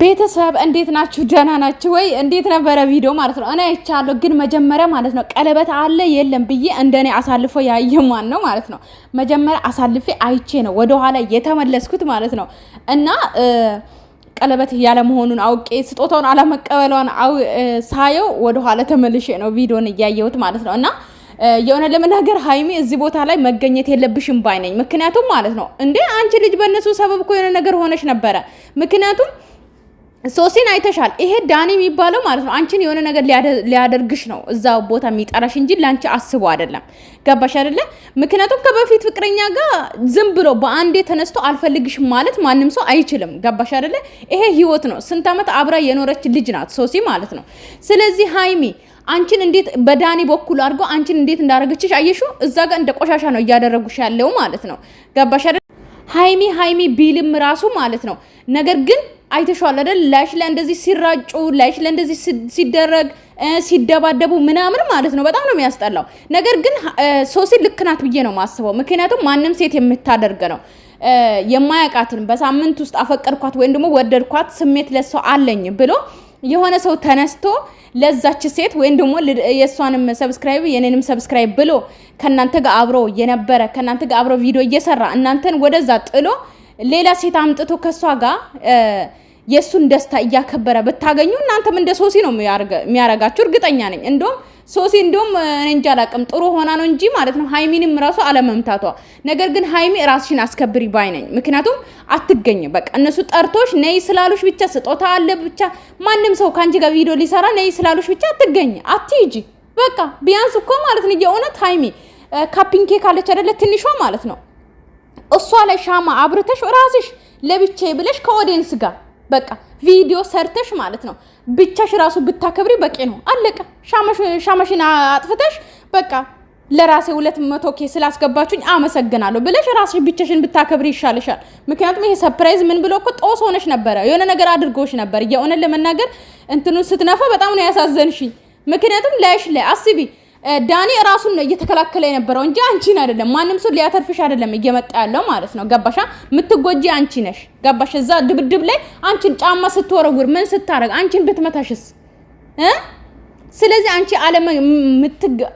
ቤተሰብ እንዴት ናችሁ? ደህና ናችሁ ወይ? እንዴት ነበረ ቪዲዮ ማለት ነው። እኔ አይቻለሁ፣ ግን መጀመሪያ ማለት ነው ቀለበት አለ የለም ብዬ እንደኔ አሳልፎ ያየ ማን ነው ማለት ነው። መጀመሪያ አሳልፌ አይቼ ነው ወደኋላ የተመለስኩት ማለት ነው እና ቀለበት መሆኑን አውቄ ስጦታውን አለመቀበሏን ሳየው ወደኋላ ተመልሼ ነው ቪዲዮን እያየሁት ማለት ነው እና የሆነ ለመናገር ሀይሚ እዚህ ቦታ ላይ መገኘት የለብሽም ባይነኝ ምክንያቱም ማለት ነው እንዴ አንቺ ልጅ በእነሱ ሰበብ እኮ የሆነ ነገር ሆነች ነበረ ምክንያቱም ሶሲን አይተሻል። ይሄ ዳኒ የሚባለው ማለት ነው አንቺን የሆነ ነገር ሊያደርግሽ ነው እዛ ቦታ የሚጠራሽ እንጂ ለአንቺ አስቦ አይደለም። ገባሽ አይደለ? ምክንያቱም ከበፊት ፍቅረኛ ጋር ዝም ብሎ በአንዴ ተነስቶ አልፈልግሽም ማለት ማንም ሰው አይችልም። ገባሽ አይደለ? ይሄ ህይወት ነው። ስንት ዓመት አብራ የኖረች ልጅ ናት ሶሲ ማለት ነው። ስለዚህ ሀይሚ አንቺን እንዴት በዳኒ በኩል አድርጎ አንቺን እንዴት እንዳደረገችሽ አየሹ? እዛ ጋር እንደ ቆሻሻ ነው እያደረጉሽ ያለው ማለት ነው። ገባሽ አይደለ? ሀይሚ ሀይሚ ቢልም ራሱ ማለት ነው ነገር ግን አይተሽዋል አይደል? ላሽ ላይ እንደዚህ ሲራጩ፣ ላሽ ላይ እንደዚህ ሲደረግ ሲደባደቡ ምናምን ማለት ነው። በጣም ነው የሚያስጠላው። ነገር ግን ሶሲ ልክ ናት ብዬ ነው የማስበው። ምክንያቱም ማንም ሴት የምታደርገ ነው የማያውቃትን በሳምንት ውስጥ አፈቀድኳት ወይም ደግሞ ወደድኳት ስሜት ለሷ አለኝ ብሎ የሆነ ሰው ተነስቶ ለዛች ሴት ወይም ደግሞ የእሷንም ሰብስክራይብ የኔንም ሰብስክራይብ ብሎ ከእናንተ ጋር አብሮ የነበረ ከእናንተ ጋር አብሮ ቪዲዮ እየሰራ እናንተን ወደዛ ጥሎ ሌላ ሴት አምጥቶ ከእሷ ጋር የእሱን ደስታ እያከበረ ብታገኙ እናንተም እንደ ሶሲ ነው የሚያረጋችሁ፣ እርግጠኛ ነኝ። እንዲሁም ሶሲ እንዲሁም እንጃ አላቅም ጥሩ ሆና ነው እንጂ ማለት ነው ሀይሚንም ራሱ አለመምታቷ። ነገር ግን ሀይሚ ራስሽን አስከብሪ ባይ ነኝ። ምክንያቱም አትገኝ በቃ እነሱ ጠርቶሽ ነይ ስላሉሽ ብቻ ስጦታ አለ ብቻ ማንም ሰው ከአንቺ ጋር ቪዲዮ ሊሰራ ነይ ስላሉሽ ብቻ አትገኝ፣ አትሂጂ። በቃ ቢያንስ እኮ ማለት ነው የእውነት ሀይሚ ካፒንኬ ካለች አደለ ትንሿ ማለት ነው እሷ ላይ ሻማ አብርተሽ ራስሽ ለብቼ ብለሽ ከኦዲየንስ ጋር በቃ ቪዲዮ ሰርተሽ ማለት ነው። ብቻሽ ራሱ ብታከብሪ በቂ ነው። አለቀ። ሻማሽን አጥፍተሽ በቃ ለራሴ ሁለት መቶ ኬ ስላስገባችሁኝ አመሰግናለሁ ብለሽ ራስሽ ብቻሽን ብታከብሪ ይሻልሻል። ምክንያቱም ይሄ ሰፕራይዝ ምን ብሎ እኮ ጦስ ሆነሽ ነበረ፣ የሆነ ነገር አድርጎሽ ነበር። እየሆነን ለመናገር እንትኑ ስትነፋ በጣም ነው ያሳዘንሽኝ። ምክንያቱም ላይሽ ላይ አስቢ ዳኒ ራሱን ነው እየተከላከለ የነበረው እንጂ አንቺን አይደለም። ማንም ሰው ሊያተርፍሽ አይደለም እየመጣ ያለው ማለት ነው። ገባሻ? የምትጎጂ አንቺ ነሽ። ገባሽ? እዛ ድብድብ ላይ አንቺን ጫማ ስትወረውር ምን ስታረግ አንቺን ብትመታሽስ እ ስለዚህ አንቺ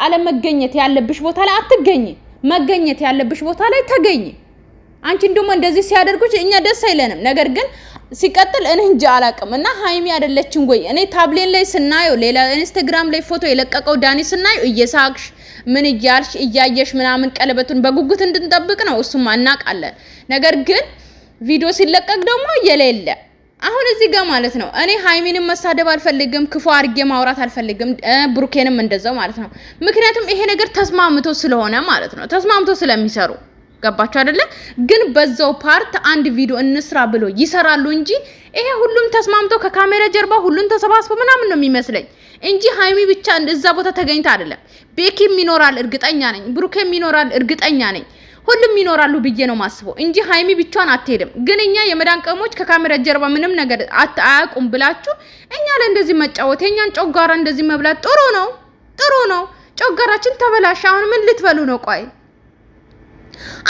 አለመገኘት ያለብሽ ቦታ ላይ አትገኝ፣ መገኘት ያለብሽ ቦታ ላይ ተገኝ። አንቺን ደግሞ እንደዚህ ሲያደርጉች እኛ ደስ አይለንም። ነገር ግን ሲቀጥል እኔ እንጂ አላቅም እና ሀይሚ አይደለችም ወይ? እኔ ታብሌን ላይ ስናየው ሌላ ኢንስታግራም ላይ ፎቶ የለቀቀው ዳኒ ስናየው እየሳቅሽ ምን እያልሽ እያየሽ ምናምን ቀለበቱን በጉጉት እንድንጠብቅ ነው፣ እሱም አናቃለን። ነገር ግን ቪዲዮ ሲለቀቅ ደግሞ የሌለ አሁን እዚህ ጋር ማለት ነው እኔ ሀይሚንም መሳደብ አልፈልግም፣ ክፉ አድርጌ ማውራት አልፈልግም፣ ብሩኬንም እንደዛው ማለት ነው። ምክንያቱም ይሄ ነገር ተስማምቶ ስለሆነ ማለት ነው ተስማምቶ ስለሚሰሩ ገባቸው አይደለ? ግን በዛው ፓርት አንድ ቪዲዮ እንስራ ብሎ ይሰራሉ እንጂ ይሄ ሁሉም ተስማምቶ ከካሜራ ጀርባ ሁሉም ተሰባስቦ ምናምን ነው የሚመስለኝ እንጂ ሀይሚ ብቻ እዛ ቦታ ተገኝታ አይደለም። ቤኪም ይኖራል እርግጠኛ ነኝ፣ ብሩኬም ይኖራል እርግጠኛ ነኝ። ሁሉም ይኖራሉ ብዬ ነው ማስበው እንጂ ሀይሚ ብቻዋን አትሄድም። ግን እኛ የመዳን ቀሞች ከካሜራ ጀርባ ምንም ነገር አያውቁም ብላችሁ እኛ ለእንደዚህ እንደዚህ መጫወት የኛን ጮጋራ እንደዚህ መብላት ጥሩ ነው ጥሩ ነው። ጮጋራችን ተበላሽ። አሁን ምን ልትበሉ ነው? ቆይ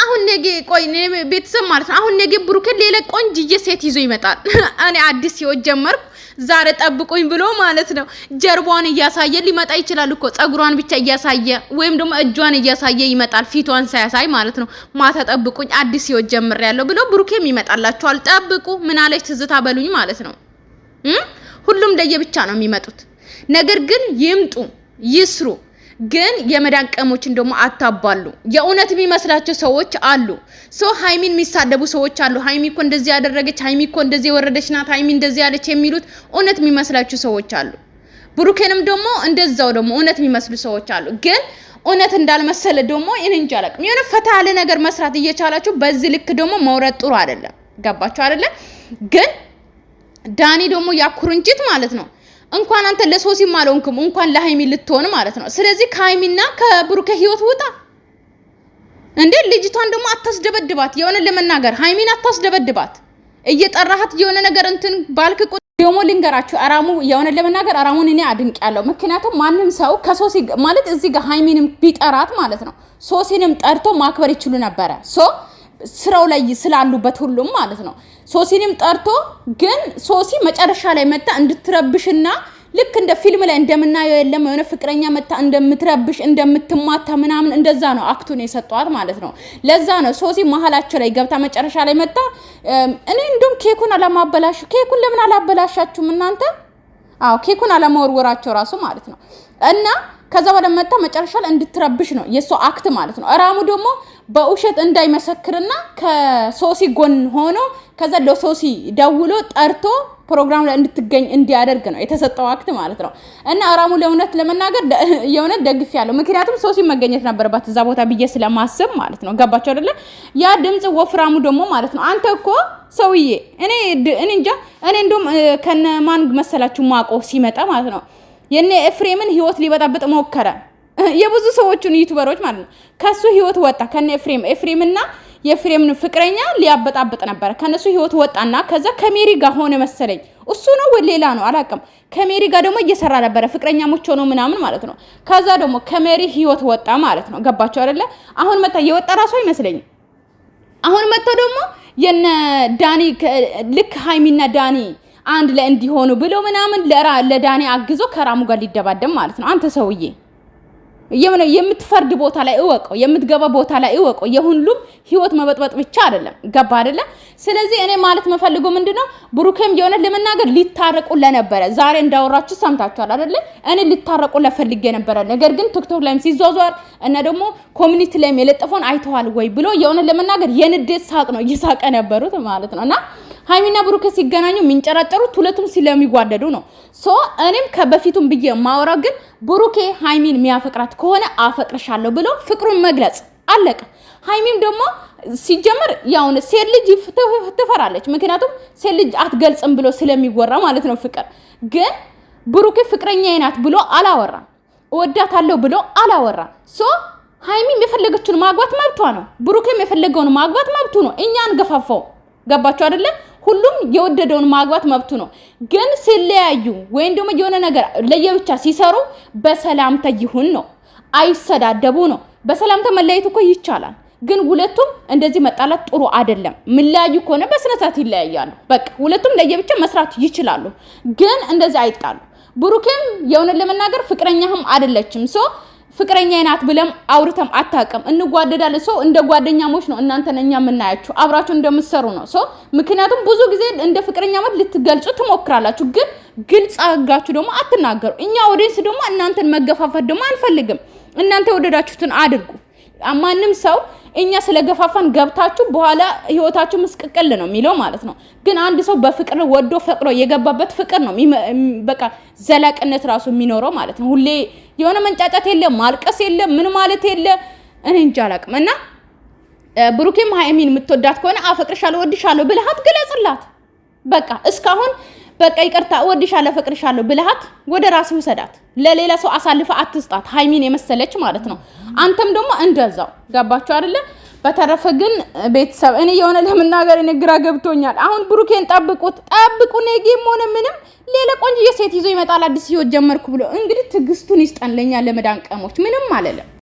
አሁን ነገ ቆይ ቤተሰብ ማለት ነው። አሁን ነገ ብሩኬ ሌላ ቆንጅዬ ሴት ይዞ ይመጣል። እኔ አዲስ ህይወት ጀመርኩ ዛሬ ጠብቁኝ ብሎ ማለት ነው። ጀርቧን እያሳየ ሊመጣ ይችላል እኮ ጸጉሯን ብቻ እያሳየ ወይም ደግሞ እጇን እያሳየ ይመጣል፣ ፊቷን ሳያሳይ ማለት ነው። ማታ ጠብቁኝ አዲስ ህይወት ያለው ብሎ ብሩኬም ይመጣላችኋል። ጠብቁ ምናለች ትዝታ በሉኝ ማለት ነው። ሁሉም ለየብቻ ነው የሚመጡት። ነገር ግን ይምጡ ይስሩ ግን የመዳን ቀሞችን ደግሞ አታባሉ። የእውነት የሚመስላቸው ሰዎች አሉ። ሰው ሀይሚን የሚሳደቡ ሰዎች አሉ። ሀይሚ እኮ እንደዚህ ያደረገች፣ ሀይሚ እኮ እንደዚህ የወረደች ናት፣ ሀይሚ እንደዚህ ያለች የሚሉት እውነት የሚመስላቸው ሰዎች አሉ። ብሩኬንም ደግሞ እንደዛው ደግሞ እውነት የሚመስሉ ሰዎች አሉ። ግን እውነት እንዳልመሰለ ደግሞ እኔ እንጃ አላውቅም። የሆነ ፈታ ያለ ነገር መስራት እየቻላችሁ በዚህ ልክ ደግሞ መውረድ ጥሩ አይደለም። ገባችሁ አይደለም? ግን ዳኒ ደግሞ ያ ማለት ነው እንኳን አንተ ለሶሲም አልሆንክም እንኳን ለሃይሚ ልትሆን ማለት ነው። ስለዚህ ከሃይሚና ከብሩከ ህይወት ውጣ እንዴ! ልጅቷን ደግሞ አታስደበድባት። የሆነ ለመናገር ሃይሚን አታስደበድባት። እየጠራሃት የሆነ ነገር እንትን ባልክ ቁጥር ደግሞ ልንገራችሁ፣ አራሙ የሆነ ለመናገር አራሙን እኔ አድንቄያለሁ። ምክንያቱም ማንም ሰው ከሶሲ ማለት እዚህ ጋር ሃይሚንም ቢጠራት ማለት ነው ሶሲንም ጠርቶ ማክበር ይችሉ ነበረ። ሶ ስራው ላይ ስላሉበት ሁሉም ማለት ነው ሶሲንም ጠርቶ ግን ሶሲ መጨረሻ ላይ መታ እንድትረብሽና ልክ እንደ ፊልም ላይ እንደምናየው የለም የሆነ ፍቅረኛ መታ እንደምትረብሽ እንደምትማታ ምናምን እንደዛ ነው አክቱን የሰጠዋት ማለት ነው። ለዛ ነው ሶሲ መሀላቸው ላይ ገብታ መጨረሻ ላይ መጣ። እኔ እንዲሁም ኬኩን አለማበላሹ ኬኩን ለምን አላበላሻችሁም እናንተ? አዎ ኬኩን አለመወርወራቸው ራሱ ማለት ነው። እና ከዛ በኋላ መጨረሻ ላይ እንድትረብሽ ነው የእሷ አክት ማለት ነው። እራሙ ደግሞ በውሸት እንዳይመሰክርና ከሶሲ ጎን ሆኖ ከዛ ለሶሲ ደውሎ ጠርቶ ፕሮግራም ላይ እንድትገኝ እንዲያደርግ ነው የተሰጠው አክት ማለት ነው። እና አራሙ ለእውነት ለመናገር የእውነት ደግፍ ያለው ምክንያቱም ሶሲ መገኘት ነበረባት እዛ ቦታ ብዬ ስለማስብ ማለት ነው። ገባቸው አይደለ? ያ ድምፅ ወፍራሙ ደግሞ ማለት ነው። አንተ እኮ ሰውዬ እኔ እኔ እንጃ እኔ እንደውም ከነማን መሰላችሁ ማቆ ሲመጣ ማለት ነው የኔ ኤፍሬምን ህይወት ሊበጣበጥ ሞከረ። የብዙ ሰዎቹን ዩቱበሮች ማለት ነው። ከሱ ህይወት ወጣ ከነ ኤፍሬም ኤፍሬምና የፍሬምን ፍቅረኛ ሊያበጣብጥ ነበረ። ከነሱ ህይወት ወጣና ከዛ ከሜሪ ጋር ሆነ መሰለኝ። እሱ ነው ወይ ሌላ ነው አላውቅም። ከሜሪ ጋር ደግሞ እየሰራ ነበረ ፍቅረኛሞች ሆነው ምናምን ማለት ነው። ከዛ ደግሞ ከሜሪ ህይወት ወጣ ማለት ነው። ገባቸው አይደለ? አሁን መታ እየወጣ ራሱ አይመስለኝም። አሁን መጣ ደግሞ የነ ዳኒ ልክ ሃይሚና ዳኒ አንድ ላይ እንዲሆኑ ብሎ ምናምን ለዳኒ አግዞ ከራሙ ጋር ሊደባደብ ማለት ነው። አንተ ሰውዬ የምትፈርድ ቦታ ላይ እወቀው፣ የምትገባ ቦታ ላይ እወቀው። የሁሉም ህይወት መበጥበጥ ብቻ አይደለም። ገባ አይደለ? ስለዚህ እኔ ማለት መፈልጎ ምንድነው ብሩኬም የሆነ ለመናገር ሊታረቁ ለነበረ ዛሬ እንዳወራችሁ ሰምታችኋል አይደለ? እኔ ሊታረቁ ለፈልጌ ነበረ። ነገር ግን ቲክቶክ ላይም ሲዟዟር እና ደግሞ ኮሚኒቲ ላይም የለጠፈውን አይተዋል ወይ ብሎ የሆነ ለመናገር የንዴት ሳቅ ነው እየሳቀ ነበሩት ማለት ነውና ሀይሚና ብሩክ ሲገናኙ የሚንጨራጨሩት ሁለቱም ስለሚጓደዱ ነው። ሶ እኔም ከበፊቱም ብዬ የማወራው ግን ብሩኬ ሀይሚን የሚያፈቅራት ከሆነ አፈቅርሻለሁ ብሎ ፍቅሩን መግለጽ አለቀ። ሀይሚም ደግሞ ሲጀመር ያውን ሴት ልጅ ትፈራለች፣ ምክንያቱም ሴት ልጅ አትገልጽም ብሎ ስለሚወራ ማለት ነው። ፍቅር ግን ብሩኬ ፍቅረኛዬ ናት ብሎ አላወራም፣ እወዳታለሁ ብሎ አላወራም። ሶ ሀይሚም የፈለገችውን ማግባት መብቷ ነው፣ ብሩኬም የፈለገውን ማግባት መብቱ ነው። እኛ አንገፋፋው። ገባችሁ አይደለ? ሁሉም የወደደውን ማግባት መብቱ ነው። ግን ሲለያዩ ወይም ደግሞ የሆነ ነገር ለየብቻ ሲሰሩ በሰላምታ ይሁን ነው፣ አይሰዳደቡ ነው። በሰላምታ መለያየት እኮ ይቻላል። ግን ሁለቱም እንደዚህ መጣላት ጥሩ አይደለም። የሚለያዩ ከሆነ በስነ ይለያያሉ። በቃ ሁለቱም ለየብቻ መስራት ይችላሉ። ግን እንደዚህ አይጣሉ። ብሩኬም የእውነት ለመናገር ፍቅረኛህም አይደለችም ሶ ፍቅረኛ ናት ብለም አውርተም አታውቅም። እንጓደዳለን። ሰው እንደ ጓደኛሞች ነው እናንተን እኛ የምናያችሁ አብራችሁ እንደምትሰሩ ነው። ሰው ምክንያቱም ብዙ ጊዜ እንደ ፍቅረኛሞች ልትገልጹ ትሞክራላችሁ፣ ግን ግልጽ አጋችሁ ደግሞ አትናገሩ። እኛ ወደንስ ደግሞ እናንተን መገፋፈት ደግሞ አንፈልግም። እናንተ የወደዳችሁትን አድርጉ። ማንም ሰው እኛ ስለገፋፋን ገብታችሁ በኋላ ህይወታችሁ ምስቅቅል ነው የሚለው ማለት ነው። ግን አንድ ሰው በፍቅር ወዶ ፈቅሮ የገባበት ፍቅር ነው በቃ ዘላቅነት ራሱ የሚኖረው ማለት ነው። ሁሌ የሆነ መንጫጫት የለ፣ ማልቀስ የለ፣ ምን ማለት የለ። እኔ እንጃ አላቅም። እና ብሩኬም ሀይሚን የምትወዳት ከሆነ አፈቅርሻለሁ፣ ወድሻለሁ ብልሃት ግለጽላት። በቃ እስካሁን በቃ ይቅርታ እወድሻለሁ ፈቅድሻለሁ ብልሃት ወደ ራስህ ውሰዳት። ለሌላ ሰው አሳልፈ አትስጣት። ሀይሚን የመሰለች ማለት ነው። አንተም ደግሞ እንደዛው። ገባችሁ አይደለ? በተረፈ ግን ቤተሰብ እኔ የሆነ ለመናገር ንግራ ገብቶኛል። አሁን ብሩኬን ጠብቁት፣ ጠብቁ። ጌም ሆነ ምንም ሌላ ቆንጆ የሴት ይዞ ይመጣል አዲስ ህይወት ጀመርኩ ብሎ እንግዲህ ትዕግስቱን ይስጠን። ለእኛ ለመዳን ቀሞች ምንም አለለም።